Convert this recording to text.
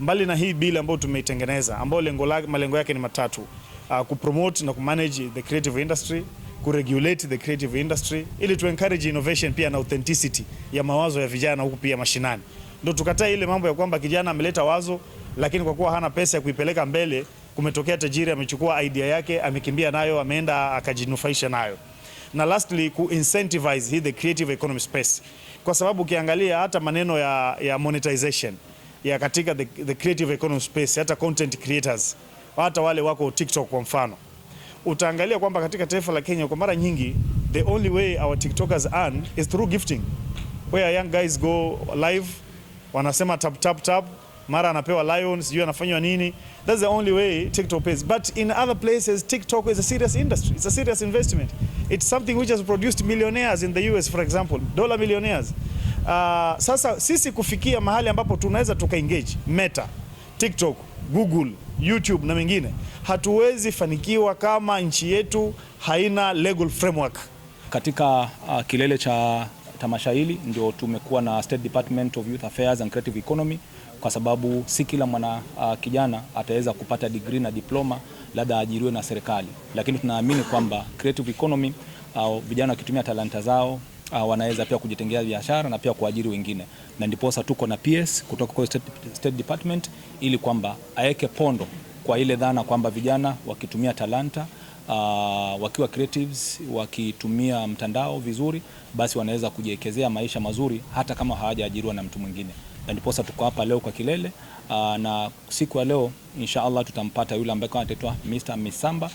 mbali na hii bill ambayo tumeitengeneza ambayo lengo lake malengo yake ni matatu uh, kupromote na kumanage the creative industry kuregulate the creative industry ili tu encourage innovation pia na authenticity ya mawazo ya vijana huku pia mashinani. Ndio tukataa ile mambo ya kwamba kijana ameleta wazo lakini kwa kuwa hana pesa ya kuipeleka mbele, kumetokea tajiri amechukua idea yake amekimbia nayo ameenda akajinufaisha nayo. Na lastly ku incentivize the creative economy space, kwa sababu ukiangalia hata maneno ya, ya monetization ya katika the, the creative economy space, hata content creators, hata wale wako TikTok kwa mfano, utaangalia kwamba katika taifa la Kenya kwa mara nyingi the only way our tiktokers earn is through gifting where young guys go live, wanasema tap tap tap, mara anapewa lions, sijui anafanywa nini. That's the only way TikTok pays. But in other places TikTok is a serious industry, it's a serious investment, it's something which has produced millionaires in the US, for example, dollar millionaires. Uh, sasa sisi kufikia mahali ambapo tunaweza tukaengage Meta, TikTok, Google, YouTube na mengine, hatuwezi fanikiwa kama nchi yetu haina legal framework. Katika uh, kilele cha tamasha hili ndio tumekuwa na State Department of Youth Affairs and Creative Economy kwa sababu si kila mwana uh, kijana ataweza kupata degree na diploma labda ajiriwe na serikali, lakini tunaamini kwamba creative economy au uh, vijana wakitumia talanta zao uh, wanaweza pia kujitengea biashara na pia kuajiri wengine, na ndiposa tuko na PS kutoka kwa State, State Department ili kwamba aweke pondo kwa ile dhana kwamba vijana wakitumia talanta Uh, wakiwa creatives wakitumia mtandao vizuri, basi wanaweza kujiwekezea maisha mazuri hata kama hawajaajiriwa na mtu mwingine, na ndiposa tuko hapa leo kwa kilele uh, na siku ya leo inshallah tutampata yule ambaye anaitwa Mr. Misamba